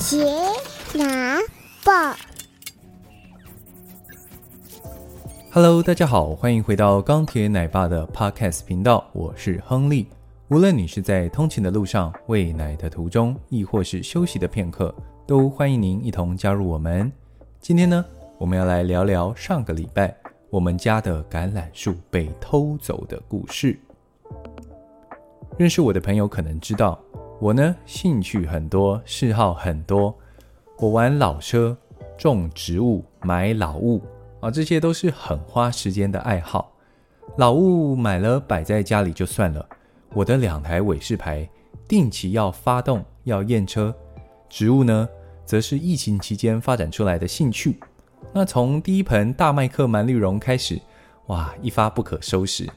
杰拿報，Hello，大家好，歡迎回到鋼鐵奶爸的 Podcast 頻道，我是亨利。無論你是在通勤的路上、餵奶的途中，亦或是休息的片刻，都歡迎您一同加入我們。今天呢，我們要來聊聊上個禮拜我們家的橄欖樹被偷走的故事。認識我的朋友可能知道。我呢，興趣很多，嗜好很多。我玩老車，種植物，買老物啊，這些都是很花時間的愛好。老物買了擺在家裡就算了，我的兩台偉士牌定期要發動，要驗車。植物呢，則是疫情期間發展出來的興趣。那從第一盆大麥克蔓綠絨開始，哇，一發不可收拾，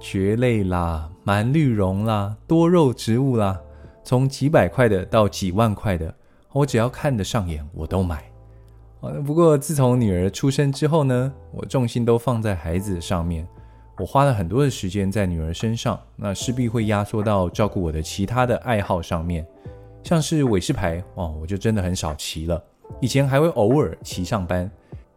蕨類啦，蔓綠絨啦，多肉植物啦。從幾百塊的到幾萬塊的，我只要看得上眼，我都買。不過自從女兒出生之後呢，我重心都放在孩子上面，我花了很多的時間在女兒身上，那勢必會壓縮到照顧我的其他的愛好上面，像是偉士牌哦，我就真的很少騎了。以前還會偶爾騎上班，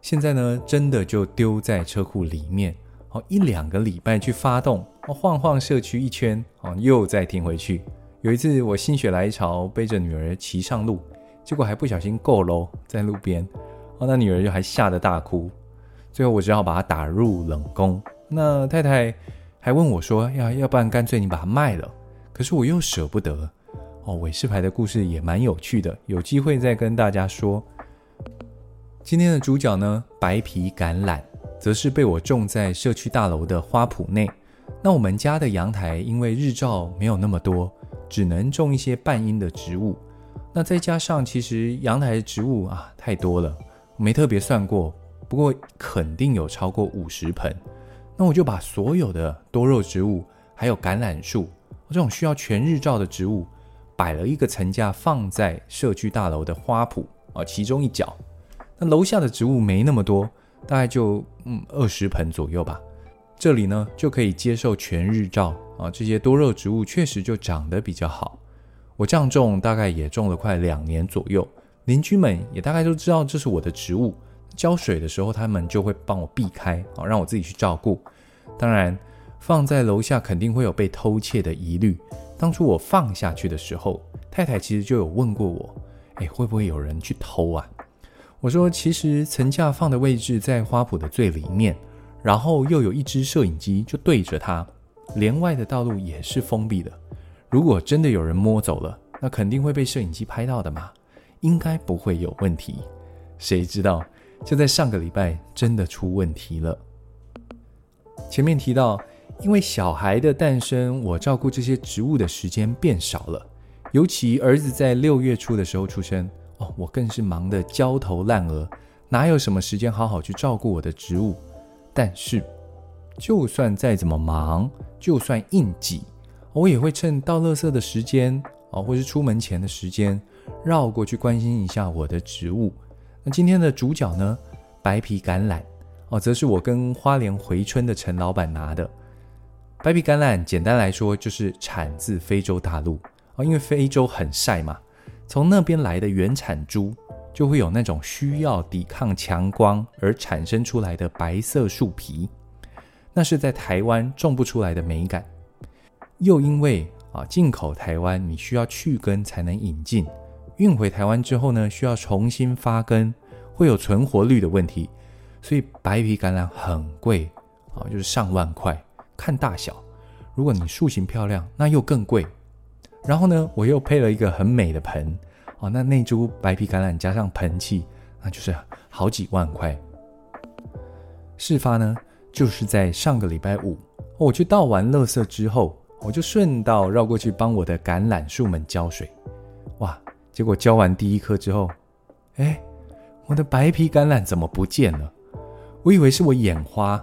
現在呢，真的就丟在車庫裡面，哦，一兩個禮拜去發動，哦，晃晃社區一圈，哦，又再停回去。有一次，我心血來潮背着女兒騎上路，結果還不小心夠嘍，在路邊，哦，那女兒就還嚇得大哭，最後我只好把她打入冷宮。那太太還問我說：“呀，要不然乾脆你把它賣了？”可是我又舍不得。哦，韋氏牌的故事也蠻有趣的，有機會再跟大家說。今天的主角呢，白皮橄欖，則是被我種在社區大樓的花圃內。那我們家的陽台因為日照沒有那麼多。只能種一些半陰的植物，那再加上其實陽台的植物啊太多了，沒特別算過，不過肯定有超過五十盆。那我就把所有的多肉植物，還有橄欖樹這種需要全日照的植物，擺了一個層架放在社區大樓的花圃啊其中一角。那樓下的植物沒那麼多，大概就嗯二十盆左右吧。這裡呢就可以接受全日照。啊，這些多肉植物確實就長得比較好。我這樣種，大概也種了快兩年左右。鄰居們也大概都知道這是我的植物，澆水的時候他們就會幫我避開，啊，讓我自己去照顧。當然，放在樓下肯定會有被偷竊的疑慮。當初我放下去的時候，太太其實就有問過我：“誒，會不會有人去偷啊？”我說：“其實層架放的位置在花圃的最裡面，然後又有一隻攝影機就對着它。”連外的道路也是封閉的，如果真的有人摸走了，那肯定會被攝影機拍到的嘛，應該不會有問題。誰知道，就在上個禮拜，真的出問題了。前面提到，因為小孩的誕生，我照顧這些植物的時間變少了，尤其兒子在六月初的時候出生，哦，我更是忙得焦頭爛額，哪有什麼時間好好去照顧我的植物？但是。就算再怎麼忙，就算應急，我也會趁倒垃圾的時間，或是出門前的時間，繞過去關心一下我的植物。那今天的主角呢，白皮橄欖哦，則是我跟花蓮回春的陳老闆拿的。白皮橄欖簡單來說就是產自非洲大陸，因為非洲很曬嘛，從那邊來的原產株就會有那種需要抵抗強光而產生出來的白色樹皮。那是在台灣種不出來的美感，又因為啊進口台灣，你需要去根才能引進，運回台灣之後呢，需要重新發根，會有存活率的問題，所以白皮橄欖很貴啊，就是上萬塊，看大小，如果你樹形漂亮那又更貴，然後呢，我又配了一個很美的盆啊，那那株白皮橄欖加上盆器那就是好幾萬塊。事發呢？就是在上個禮拜五，我去倒完垃圾之後，我就順道繞過去幫我的橄欖樹們澆水。哇，結果澆完第一棵之後，誒，我的白皮橄欖怎麼不見了？我以為是我眼花，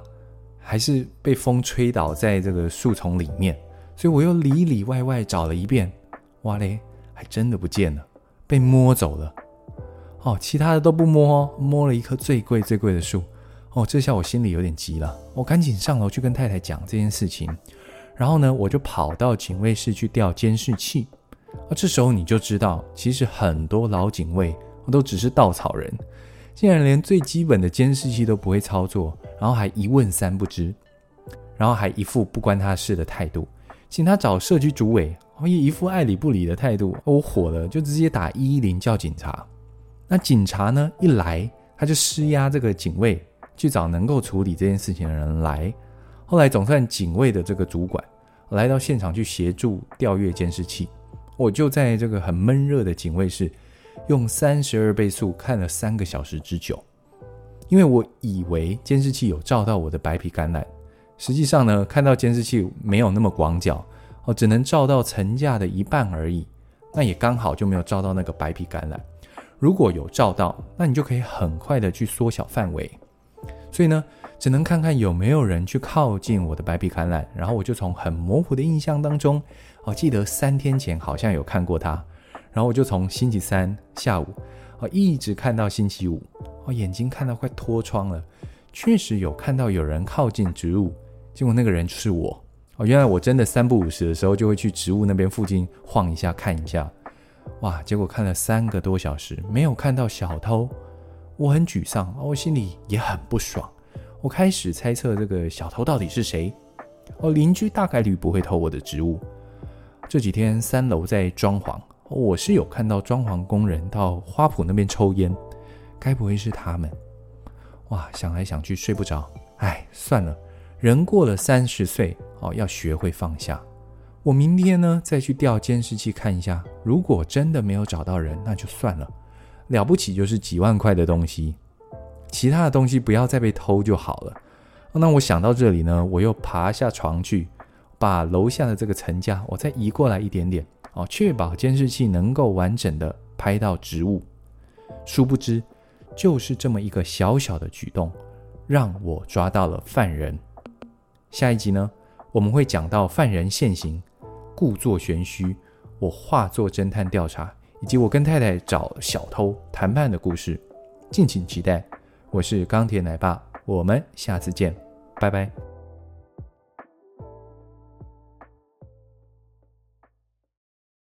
還是被風吹倒在這個樹叢裡面，所以我又裡裡外外找了一遍。哇嘞，還真的不見了，被摸走了。哦，其他的都不摸，哦，摸了一棵最貴最貴的樹。哦，這下我心裡有點急了，我趕緊上樓去跟太太講這件事情。然後呢，我就跑到警衛室去調監視器。啊，這時候你就知道，其實很多老警衛都只是稻草人，竟然連最基本的監視器都不會操作，然後還一問三不知，然後還一副不關他事的態度，請他找社區主委，也一副愛理不理的態度。我火了，就直接打一一零叫警察。那警察呢，一來他就施壓這個警衛。去找能夠處理這件事情的人來。後來總算警衛的這個主管來到現場去協助調閱監視器。我就在這個很悶熱的警衛室，用三十二倍速看了三個小時之久。因為我以為監視器有照到我的白皮橄欖，實際上呢，看到監視器沒有那麼廣角，哦，只能照到層架的一半而已。那也剛好就沒有照到那個白皮橄欖。如果有照到，那你就可以很快的去縮小範圍。所以呢，只能看看有沒有人去靠近我的白皮橄欖。然後我就從很模糊的印象當中，哦，記得三天前好像有看過它。然後我就從星期三下午，哦，一直看到星期五，哦，眼睛看到快脫窗了。確實有看到有人靠近植物，結果那個人是我。哦，原來我真的三不五時的時候就會去植物那邊附近晃一下看一下。哇，結果看了三個多小時，沒有看到小偷。我很沮喪，我心裡也很不爽。我開始猜測這個小偷到底是誰？哦，鄰居大概率不會偷我的植物。這幾天三樓在裝潢，哦，我是有看到裝潢工人到花圃那邊抽煙，該不會是他們？哇，想來想去睡不着。哎，算了，人過了三十歲，哦，要學會放下。我明天呢再去調監視器看一下，如果真的沒有找到人，那就算了。了不起，就是幾萬塊的東西，其他的東西不要再被偷就好了。那我想到這裡呢，我又爬下床去，把樓下的這個層架我再移過來一點點哦，確保監視器能夠完整地拍到植物。殊不知，就是這麼一個小小的舉動，讓我抓到了犯人。下一集呢，我們會講到犯人現行，故作玄虛，我化作偵探調查，以及我跟太太找小偷談判的故事，敬請期待。我是鋼鐵奶爸，我們下次見，拜拜。